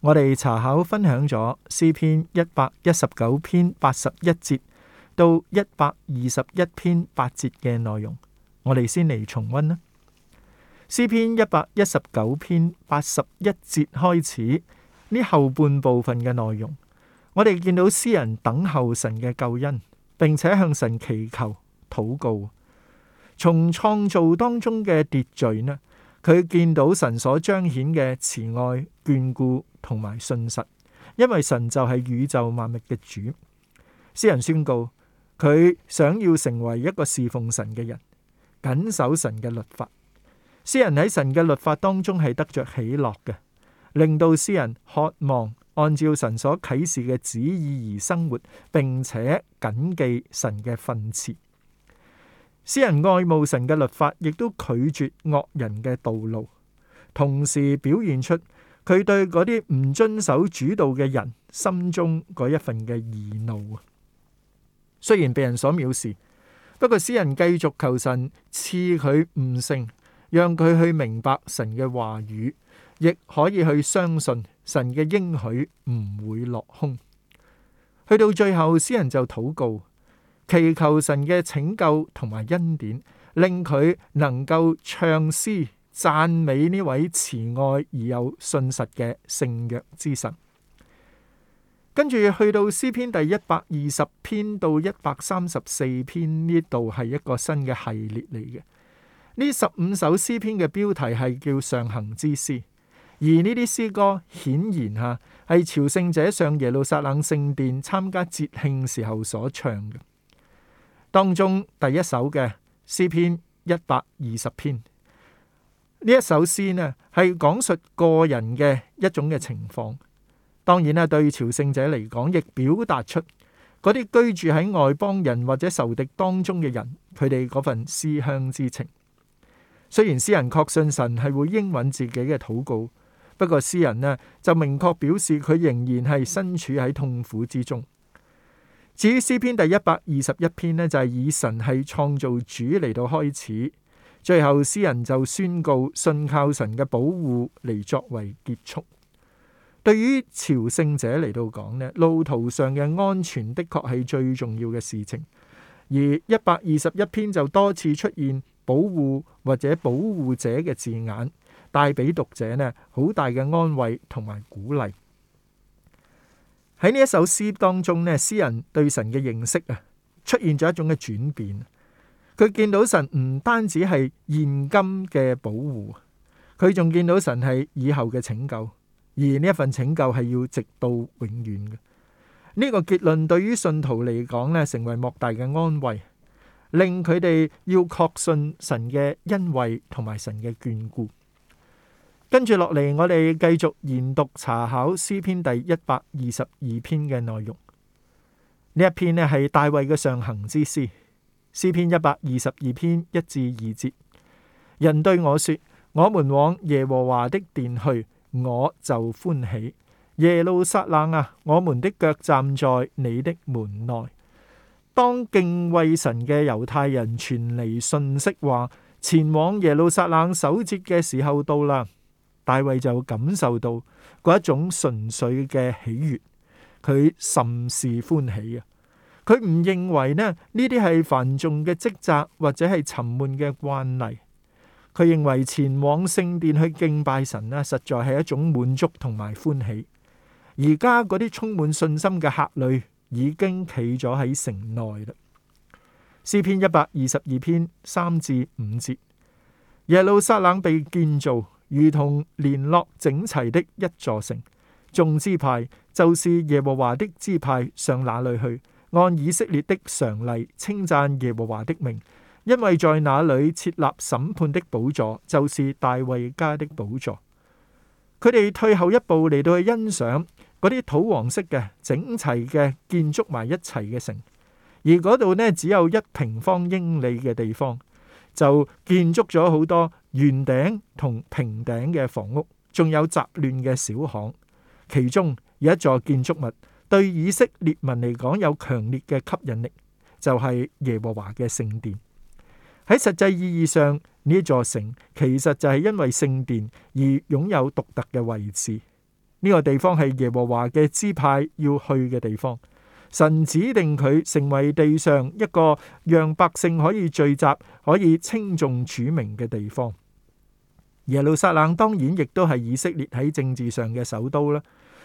我哋查考分享咗詩篇一百一十九篇八十一節到一百二十一篇八節嘅內容，我哋先嚟重温啦。詩篇一百一十九篇八十一節開始呢後半部分嘅內容，我哋見到詩人等候神嘅救恩，並且向神祈求禱告，從創造當中嘅秩序呢，佢見到神所彰顯嘅慈愛眷顧。同埋信實，因為神就係宇宙萬物嘅主。詩人宣告，佢想要成為一個侍奉神嘅人，謹守神嘅律法。詩人喺神嘅律法當中係得着喜樂嘅，令到詩人渴望按照神所啟示嘅旨意而生活，並且謹記神嘅訓詞。詩人愛慕神嘅律法，亦都拒絕惡人嘅道路，同時表現出。佢對嗰啲唔遵守主道嘅人心中嗰一份嘅義怒啊，雖然被人所藐視，不過詩人繼續求神賜佢悟性，讓佢去明白神嘅話語，亦可以去相信神嘅應許唔會落空。去到最後，詩人就禱告，祈求神嘅拯救同埋恩典，令佢能夠唱詩。讚美呢位慈愛而有信實嘅聖約之神。跟住去到詩篇第一百二十篇到一百三十四篇呢度，係一個新嘅系列嚟嘅。呢十五首詩篇嘅標題係叫上行之詩，而呢啲詩歌顯然吓係朝聖者上耶路撒冷聖殿參加節慶時候所唱嘅。當中第一首嘅詩篇一百二十篇。呢一首詩呢，係講述個人嘅一種嘅情況。當然啦，對朝聖者嚟講，亦表達出嗰啲居住喺外邦人或者仇敵當中嘅人，佢哋嗰份思鄉之情。雖然詩人確信神係會應允自己嘅禱告，不過詩人呢就明確表示佢仍然係身處喺痛苦之中。至於詩篇第一百二十一篇呢，就係、是、以神係創造主嚟到開始。最後，詩人就宣告信靠神嘅保護嚟，作為結束。對於朝聖者嚟到講咧，路途上嘅安全的確係最重要嘅事情。而一百二十一篇就多次出現保護或者保護者嘅字眼，帶俾讀者呢好大嘅安慰同埋鼓勵。喺呢一首詩當中呢，詩人對神嘅認識啊，出現咗一種嘅轉變。佢見到神唔單止係現今嘅保護，佢仲見到神係以後嘅拯救，而呢一份拯救係要直到永遠嘅。呢個結論對於信徒嚟講，呢成為莫大嘅安慰，令佢哋要確信神嘅恩惠同埋神嘅眷顧。跟住落嚟，我哋繼續研讀查考詩篇第一百二十二篇嘅內容。呢一篇呢係大衛嘅上行之詩。詩篇一百二十二篇一至二節，人對我說：我們往耶和華的殿去，我就歡喜。耶路撒冷啊，我們的腳站在你的門內。當敬畏神嘅猶太人傳嚟訊息話，前往耶路撒冷守節嘅時候到啦，大衛就感受到嗰一種純粹嘅喜悅，佢甚是歡喜啊！佢唔認為咧呢啲係繁重嘅職責，或者係沉悶嘅慣例。佢認為前往聖殿去敬拜神咧，實在係一種滿足同埋歡喜。而家嗰啲充滿信心嘅客旅已經企咗喺城內啦。詩篇一百二十二篇三至五節：耶路撒冷被建造，如同連絡整齊的一座城。眾支派就是耶和華的支派，上哪裏去？按以色列的常例，稱讚耶和華的名，因為在那裏設立審判的寶座，就是大衛家的寶座。佢哋退後一步嚟，到去欣賞嗰啲土黃色嘅整齊嘅建築埋一齊嘅城，而嗰度呢，只有一平方英里嘅地方，就建築咗好多圓頂同平頂嘅房屋，仲有雜亂嘅小巷，其中有一座建築物。對以色列民嚟講有強烈嘅吸引力，就係、是、耶和華嘅聖殿。喺實際意義上，呢一座城其實就係因為聖殿而擁有獨特嘅位置。呢、這個地方係耶和華嘅支派要去嘅地方，神指定佢成為地上一個讓百姓可以聚集、可以稱頌主名嘅地方。耶路撒冷當然亦都係以色列喺政治上嘅首都啦。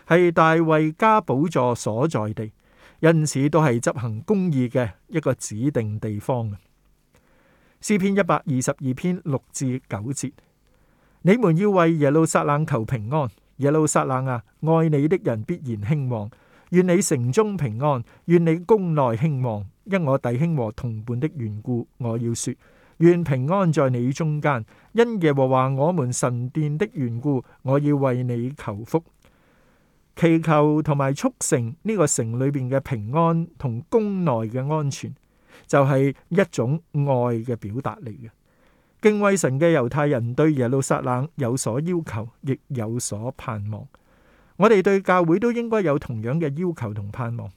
係大衛家寶座所在地，因此都係執行公義嘅一個指定地方。詩篇一百二十二篇六至九節：你們要為耶路撒冷求平安。耶路撒冷啊，愛你的人必然興旺。願你城中平安，願你宮內興旺。因我弟兄和同伴的緣故，我要說，願平安在你中間。因耶和華我們神殿的緣故，我要為你求福。祈求同埋促成呢個城裏邊嘅平安同宮內嘅安全，就係、是、一種愛嘅表達嚟。嘅。敬畏神嘅猶太人對耶路撒冷有所要求，亦有所盼望。我哋對教會都應該有同樣嘅要求同盼望。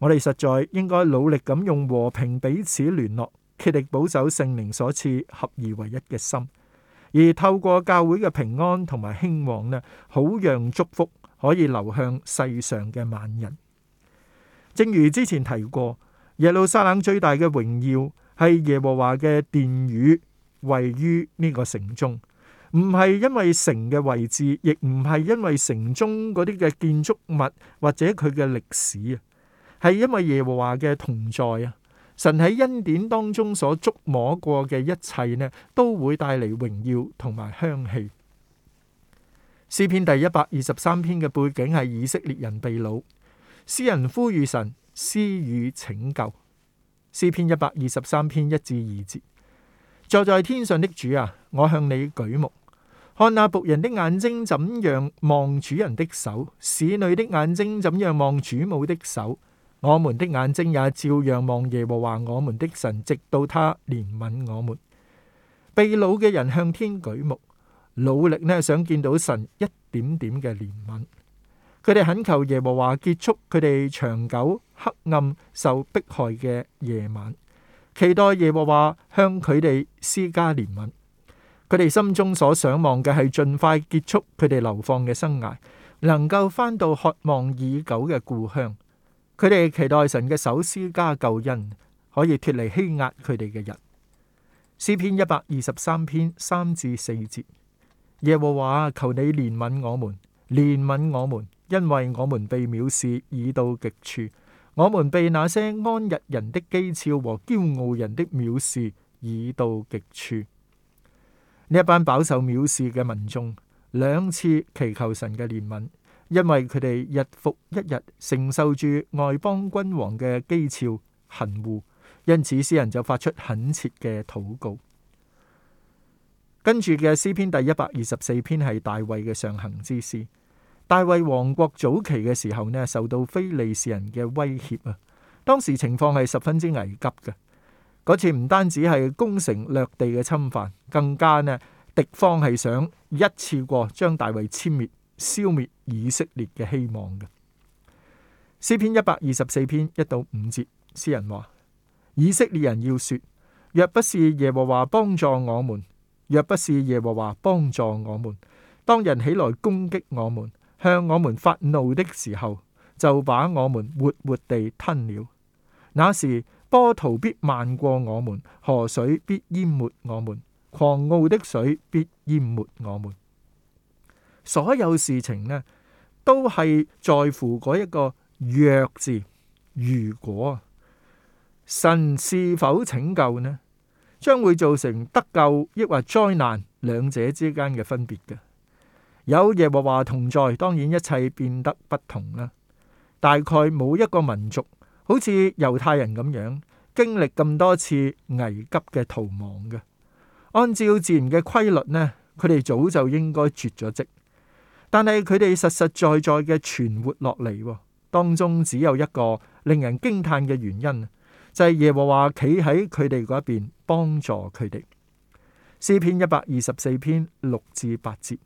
我哋實在應該努力咁用和平彼此聯絡，竭力保守聖靈所賜合而為一嘅心，而透過教會嘅平安同埋興旺呢，好讓祝福，可以流向世上嘅萬人。正如之前提過，耶路撒冷最大嘅榮耀係耶和華嘅殿宇位於呢個城中，唔係因為城嘅位置，亦唔係因為城中嗰啲嘅建築物或者佢嘅歷史啊，係因為耶和華嘅同在啊。神喺恩典當中所觸摸過嘅一切呢，都會帶嚟榮耀同埋香氣。詩篇第一百二十三篇嘅背景係以色列人被擄，詩人呼籲神施予拯救。詩篇一百二十三篇一至二節：坐在天上的主啊，我向你舉目，看那僕人的眼睛怎樣望主人的手，使女的眼睛怎樣望主母的手，我們的眼睛也照樣望耶和華我們的神，直到他憐憫我們。被擄嘅人向天舉目。努力呢，想見到神一點點嘅憐憫。佢哋懇求耶和華結束佢哋長久黑暗受迫害嘅夜晚，期待耶和華向佢哋施加憐憫。佢哋心中所想望嘅係盡快結束佢哋流放嘅生涯，能夠翻到渴望已久嘅故鄉。佢哋期待神嘅手施加救恩，可以脱離欺壓佢哋嘅人。詩篇一百二十三篇三至四節。耶和華，求你憐憫我們，憐憫我們，因為我們被藐視已到極處，我們被那些安逸人的譏誚和驕傲人的藐視已到極處。呢一班飽受藐視嘅民眾，兩次祈求神嘅憐憫，因為佢哋日復一日承受住外邦君王嘅譏誚、恨惡，因此詩人就發出懇切嘅禱告。跟住嘅詩篇第一百二十四篇係大衛嘅上行之詩。大衛王國早期嘅時候呢，受到非利士人嘅威脅啊。當時情況係十分之危急嘅。嗰次唔單止係攻城略地嘅侵犯，更加呢敵方係想一次過將大衛殲滅，消滅以色列嘅希望嘅。詩篇一百二十四篇一到五節，詩人話：以色列人要說，若不是耶和華幫助我們。若不是耶和華幫助我們，當人起來攻擊我們，向我們發怒的時候，就把我們活活地吞了。那時波濤必漫過我們，河水必淹沒我們，狂傲的水必淹沒我們。所有事情呢，都係在乎嗰一個弱字。如果神是否拯救呢？將會造成得救抑或災難兩者之間嘅分別嘅，有耶和華同在，當然一切變得不同啦。大概冇一個民族好似猶太人咁樣經歷咁多次危急嘅逃亡嘅，按照自然嘅規律呢，佢哋早就應該絕咗迹，但係佢哋實實在在嘅存活落嚟，當中只有一個令人驚嘆嘅原因。就係耶和華企喺佢哋嗰邊，幫助佢哋。詩篇一百二十四篇六至八節，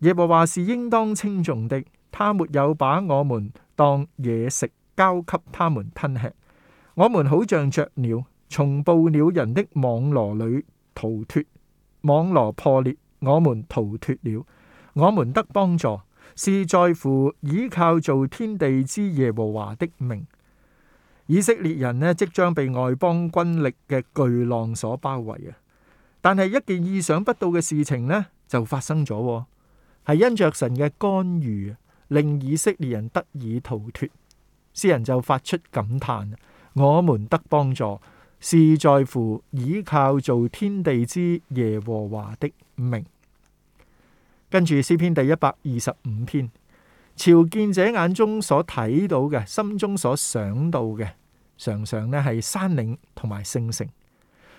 耶和華是應當稱重的，他沒有把我們當野食交給他們吞吃。我們好像雀鳥，從捕鳥人的網羅裏逃脫，網羅破裂，我們逃脫了。我們得幫助，是在乎依靠做天地之耶和華的名。以色列人呢即將被外邦軍力嘅巨浪所包圍啊！但係一件意想不到嘅事情呢就發生咗，係因着神嘅干預，令以色列人得以逃脱。詩人就發出感嘆：我們得幫助，是在乎倚靠做天地之耶和華的名。跟住詩篇第一百二十五篇。朝見者眼中所睇到嘅，心中所想到嘅，常常呢係山嶺同埋聖城。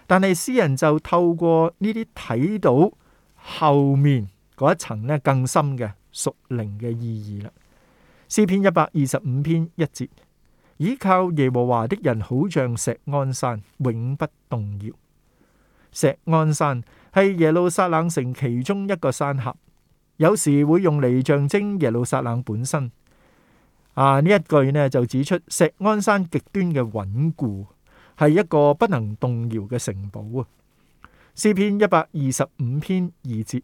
但係詩人就透過呢啲睇到後面嗰一層咧，更深嘅屬靈嘅意義啦。詩篇一百二十五篇一節：倚靠耶和華的人，好像錫安山，永不動搖。錫安山係耶路撒冷城其中一個山峽。有時會用嚟象徵耶路撒冷本身。啊，呢一句呢就指出錫安山極端嘅穩固，係一個不能動搖嘅城堡啊。詩篇一百二十五篇二節：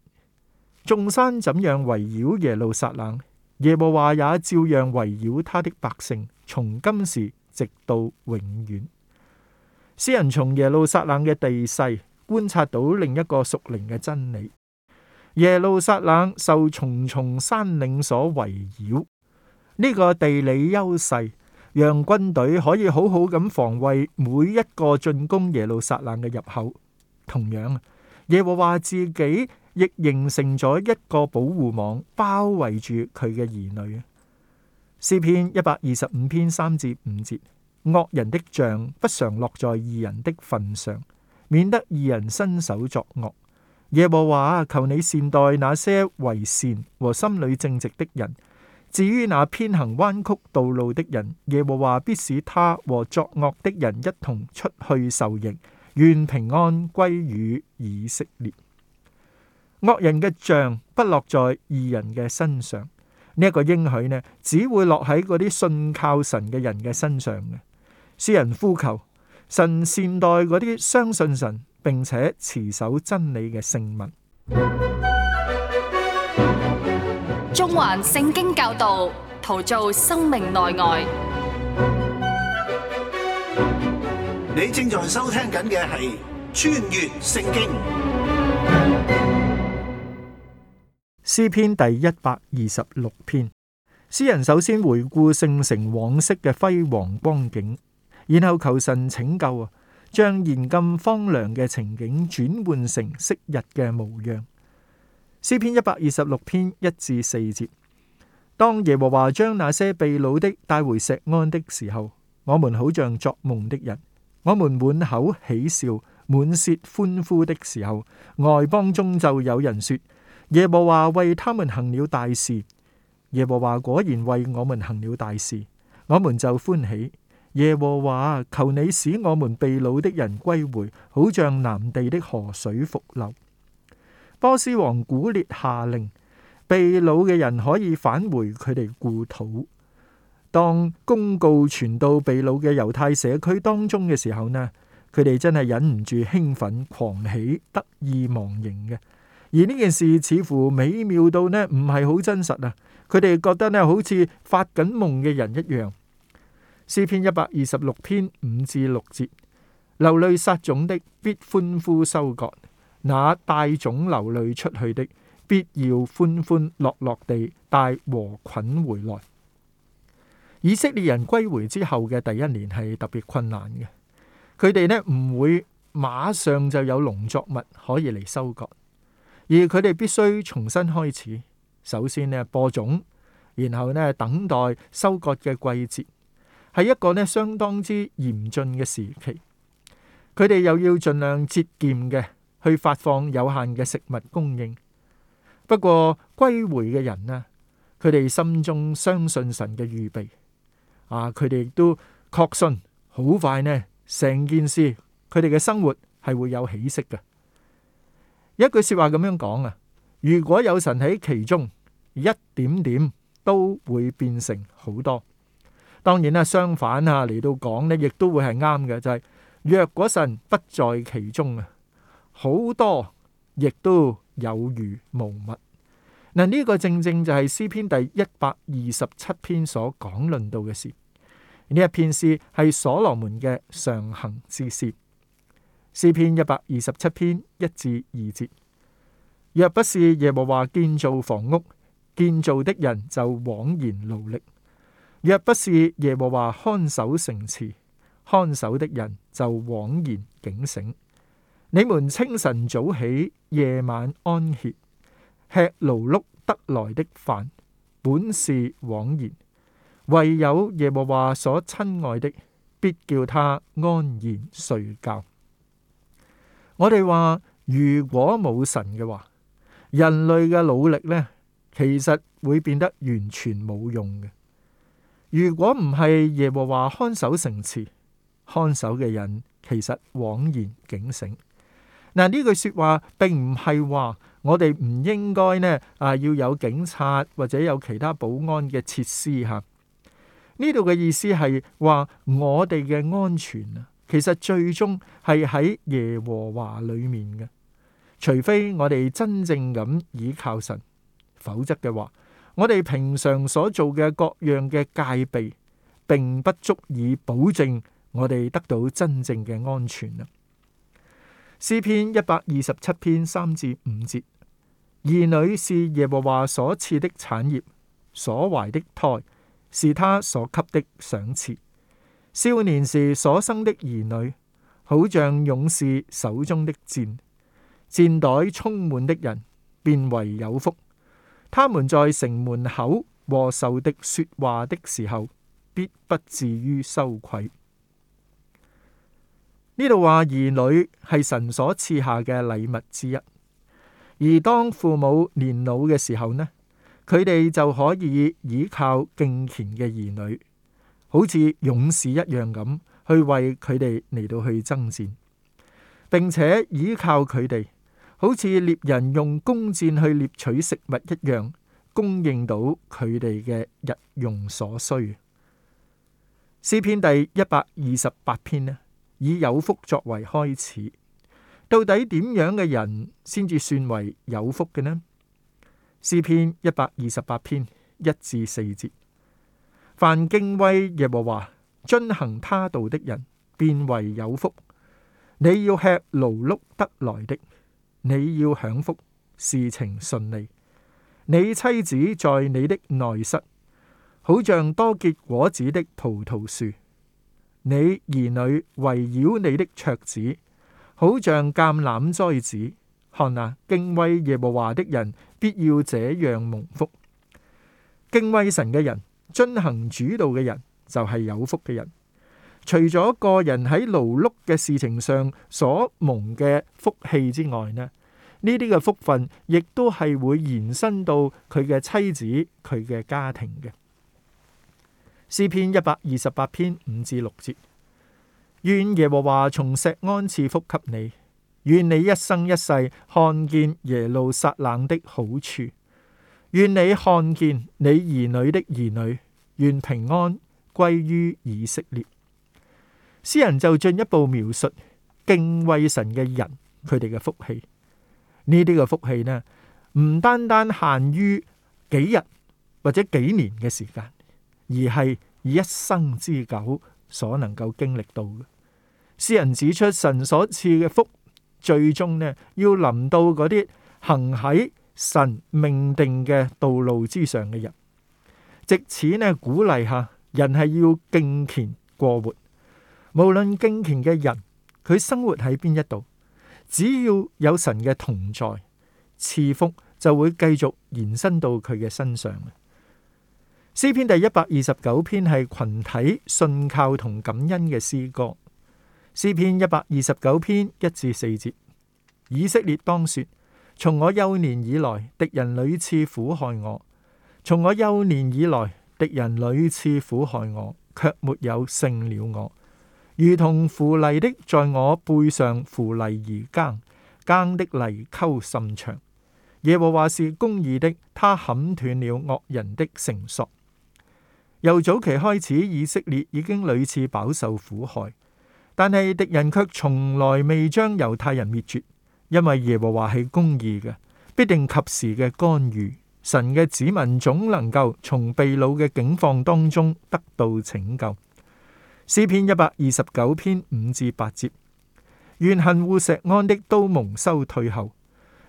眾山怎樣圍繞耶路撒冷，耶和華也照樣圍繞他的百姓，從今時直到永遠。詩人從耶路撒冷嘅地勢觀察到另一個屬靈嘅真理。耶路撒冷受重重山嶺所圍繞，呢個地理優勢讓軍隊可以好好咁防衛每一個進攻耶路撒冷嘅入口。同樣啊，耶和華自己亦形成咗一個保護網，包圍住佢嘅兒女啊。詩篇一百二十五篇三至五節：惡人的杖不常落在義人的份上，免得義人伸手作惡。耶和華，求你善待那些為善和心裏正直的人。至於那偏行彎曲道路的人，耶和華必使他和作惡的人一同出去受刑。願平安歸於以色列。惡人嘅杖不落在義人嘅身上。呢、這、一個應許呢，只會落喺嗰啲信靠神嘅人嘅身上嘅。詩人呼求神善待嗰啲相信神，並且持守真理嘅聖物。中環聖經教導，陶造生命內外。你正在收聽緊嘅係《穿越聖經》詩篇第一百二十六篇。詩人首先回顧聖城往昔嘅輝煌光景，然後求神拯救啊！將現今荒涼嘅情景轉換成昔日嘅模樣。詩篇一百二十六篇一至四節：當耶和華將那些被擄的帶回錫安的時候，我們好像作夢的人；我們滿口喜笑，滿舌歡呼的時候，外邦中就有人說：耶和華為他們行了大事。耶和華果然為我們行了大事，我們就歡喜。耶和華，求你使我們被擄的人歸回，好像南地的河水復流。波斯王古列下令，被擄嘅人可以返回佢哋故土。當公告傳到被擄嘅猶太社區當中嘅時候呢，佢哋真係忍唔住興奮、狂喜、得意忘形嘅。而呢件事似乎美妙到呢，唔係好真實啊！佢哋覺得呢，好似發緊夢嘅人一樣。詩篇一百二十六篇五至六節：流淚撒種的，必歡呼收割；那帶種流淚出去的，必要歡歡樂樂地帶禾捆回來。以色列人歸回之後嘅第一年係特別困難嘅，佢哋呢唔會馬上就有農作物可以嚟收割，而佢哋必須重新開始。首先呢播種，然後呢等待收割嘅季節。係一個呢相當之嚴峻嘅時期，佢哋又要盡量節儉嘅去發放有限嘅食物供應。不過歸回嘅人呢，佢哋心中相信神嘅預備，啊，佢哋亦都確信好快呢，成件事佢哋嘅生活係會有起色嘅。有一句說話咁樣講啊，如果有神喺其中，一點點都會變成好多。當然啦，相反啊，嚟到講呢，亦都會係啱嘅，就係、是、若嗰神不在其中啊，好多亦都有如無物。嗱，呢個正正就係詩篇第一百二十七篇所講論到嘅事。呢一篇詩係所羅門嘅上行之詩，詩篇一百二十七篇一至二節：若不是耶和華建造房屋，建造的人就枉然勞力。若不是耶和華看守城池，看守的人就枉然警醒。你們清晨早起，夜晚安歇，吃勞碌得來的飯，本是枉然。唯有耶和華所親愛的，必叫他安然睡覺。我哋話，如果冇神嘅話，人類嘅努力呢，其實會變得完全冇用嘅。如果唔係耶和華看守城池、看守嘅人，其實枉然警醒。嗱，呢句說話並唔係話我哋唔應該呢啊要有警察或者有其他保安嘅設施吓。呢度嘅意思係話我哋嘅安全啊，其實最終係喺耶和華裏面嘅，除非我哋真正咁倚靠神，否則嘅話。我哋平常所做嘅各樣嘅戒備，並不足以保證我哋得到真正嘅安全啊！詩篇一百二十七篇三至五節：兒女是耶和華所賜的產業，所懷的胎是他所給的賞賜。少年時所生的兒女，好像勇士手中的箭；箭袋充滿的人，變為有福。他們在城門口和受的說話的時候，必不至於羞愧。呢度話兒女係神所賜下嘅禮物之一，而當父母年老嘅時候呢，佢哋就可以依靠敬虔嘅兒女，好似勇士一樣咁去為佢哋嚟到去爭戰，並且依靠佢哋。好似獵人用弓箭去獵取食物一樣，供應到佢哋嘅日用所需。詩篇第一百二十八篇呢，以有福作為開始。到底點樣嘅人先至算為有福嘅呢？詩篇一百二十八篇一至四節，凡敬畏耶和華遵行他道的人，變為有福。你要吃勞碌得來的。你要享福，事情順利，你妻子在你的內室，好像多結果子的葡萄樹；你兒女圍繞你的桌子，好像橄欖栽子。看啊，敬畏耶和華的人必要這樣蒙福。敬畏神嘅人，遵行主道嘅人，就係有福嘅人。除咗個人喺勞碌嘅事情上所蒙嘅福氣之外呢，呢呢啲嘅福分亦都係會延伸到佢嘅妻子、佢嘅家庭嘅。詩篇一百二十八篇五至六節：願耶和華從錫安賜福給你，願你一生一世看見耶路撒冷的好處，願你看見你兒女的兒女，願平安歸於以色列。詩人就進一步描述敬畏神嘅人佢哋嘅福氣，福氣呢啲嘅福氣呢，唔單單限於幾日或者幾年嘅時間，而係以一生之久所能夠經歷到嘅。詩人指出神所賜嘅福，最終呢要臨到嗰啲行喺神命定嘅道路之上嘅人，借此呢鼓勵下人係要敬虔過活。無論敬虔嘅人，佢生活喺邊一度，只要有神嘅同在，賜福就會繼續延伸到佢嘅身上。詩篇第一百二十九篇係群體信靠同感恩嘅詩歌。詩篇一百二十九篇一至四節，以色列當說：從我幼年以來，敵人屢次苦害我；從我幼年以來，敵人屢次苦害我，卻沒有勝了我。如同扶犁的在我背上扶犁而耕，耕的犁溝甚長。耶和華是公義的，他砍斷了惡人的繩索。由早期開始，以色列已經屢次飽受苦害，但係敵人却從來未將猶太人滅絕，因為耶和華係公義嘅，必定及時嘅干預。神嘅子民總能夠從被擄嘅境況當中得到拯救。詩篇一百二十九篇五至八節，願恨惡錫安的都蒙羞退後，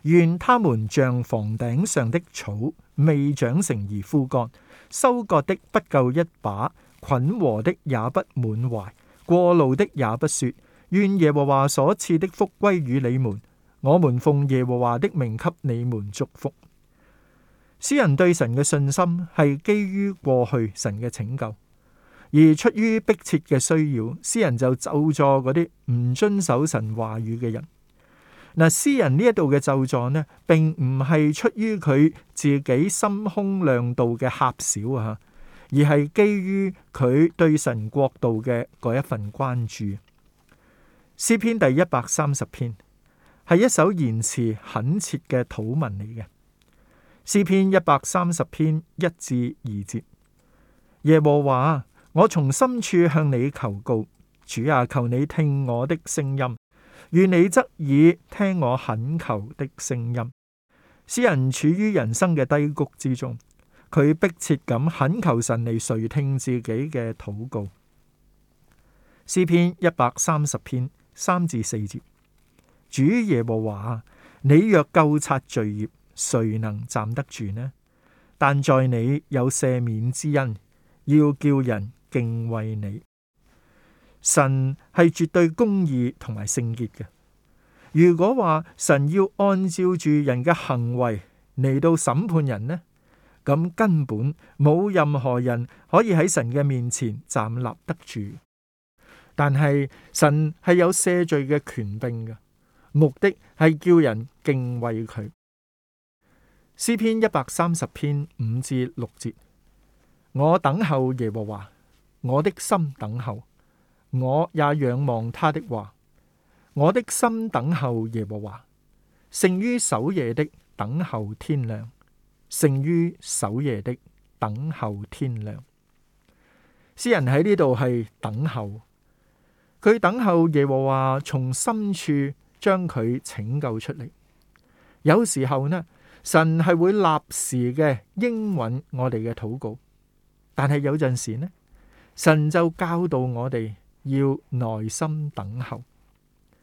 願他們像房頂上的草，未長成而枯乾，收割的不夠一把，捆禾的也不滿懷，過路的也不說。願耶和華所賜的福歸於你們。我們奉耶和華的名給你們祝福。詩人對神嘅信心係基於過去神嘅拯救。而出於迫切嘅需要，詩人就咒詛嗰啲唔遵守神話語嘅人。嗱，詩人呢一度嘅咒詛呢，並唔係出於佢自己心胸量度嘅狹小啊，而係基於佢對神國度嘅嗰一份關注。詩篇第一百三十篇係一首言辭懇切嘅禱文嚟嘅。詩篇一百三十篇一至二節，耶和華。我從深處向你求告，主啊，求你聽我的聲音，願你側耳聽我懇求的聲音。詩人處於人生嘅低谷之中，佢迫切咁懇求神嚟垂聽自己嘅禱告。詩篇一百三十篇三至四節：主耶和華，你若究察罪孽，誰能站得住呢？但在你有赦免之恩，要叫人。敬畏你，神係絕對公義同埋聖潔嘅。如果話神要按照住人嘅行為嚟到審判人呢，咁根本冇任何人可以喺神嘅面前站立得住。但係神係有赦罪嘅權柄嘅，目的係叫人敬畏佢。詩篇一百三十篇五至六節：我等候耶和華。我的心等候，我也仰望他的話。我的心等候耶和華，勝於守夜的等候天亮，勝於守夜的等候天亮。詩人喺呢度係等候，佢等候耶和華從深處將佢拯救出嚟。有時候呢，神係會立時嘅應允我哋嘅禱告，但係有陣時呢？神就教導我哋要耐心等候，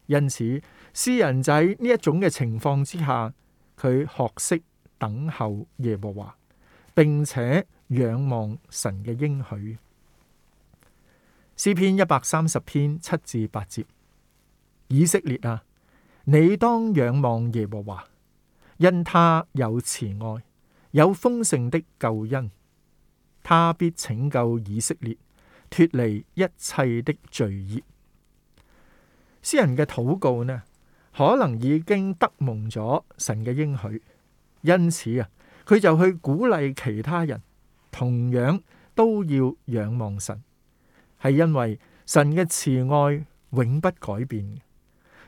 因此詩人仔呢一種嘅情況之下，佢學識等候耶和華，並且仰望神嘅應許。詩篇一百三十篇七至八節：以色列啊，你當仰望耶和華，因他有慈愛，有豐盛的救恩，他必拯救以色列。脫離一切的罪孽。詩人嘅禱告呢，可能已經得蒙咗神嘅應許，因此啊，佢就去鼓勵其他人，同樣都要仰望神，係因為神嘅慈愛永不改變，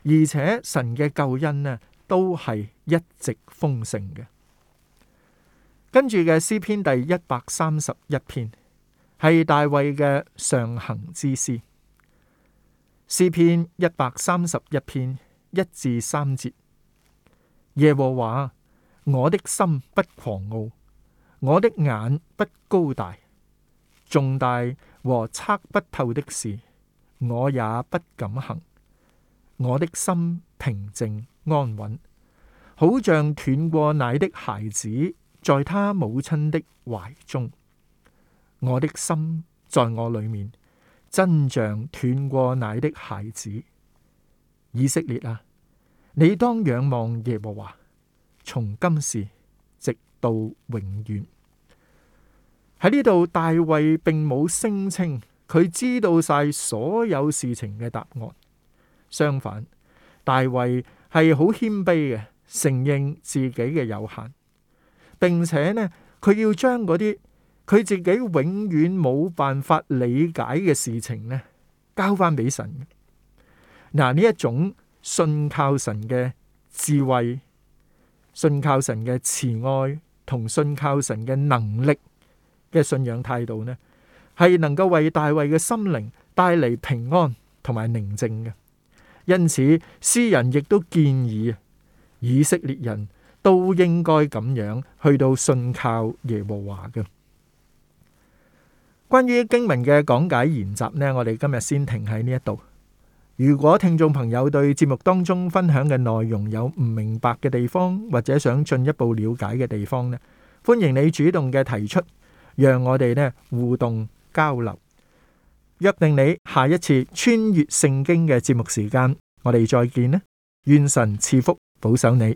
而且神嘅救恩呢，都係一直豐盛嘅。跟住嘅詩篇第一百三十一篇，係大衛嘅上行之詩，詩篇一百三十一篇一至三節。耶和華，我的心不狂傲，我的眼不高大，重大和測不透的事，我也不敢行。我的心平靜安穩，好像斷過奶的孩子，在他母親的懷中。我的心在我裏面，真像斷過奶的孩子，以色列啊，你當仰望耶和華，從今時直到永遠。喺呢度，大衛並冇聲稱佢知道晒所有事情嘅答案，相反，大衛係好謙卑嘅，承認自己嘅有限，並且呢，佢要將嗰啲。佢自己永遠冇辦法理解嘅事情咧，交翻俾神。嗱，呢一種信靠神嘅智慧、信靠神嘅慈愛同信靠神嘅能力嘅信仰態度呢，係能夠為大衛嘅心靈帶嚟平安同埋寧靜嘅。因此，詩人亦都建議以色列人都應該咁樣去到信靠耶和華嘅。關於經文嘅講解研習呢，我哋今日先停喺呢一度。如果聽眾朋友對節目當中分享嘅內容有唔明白嘅地方，或者想進一步了解嘅地方呢，歡迎你主動嘅提出，讓我哋呢互動交流。約定你下一次穿越聖經嘅節目時間，我哋再見呢。願神賜福，保守你。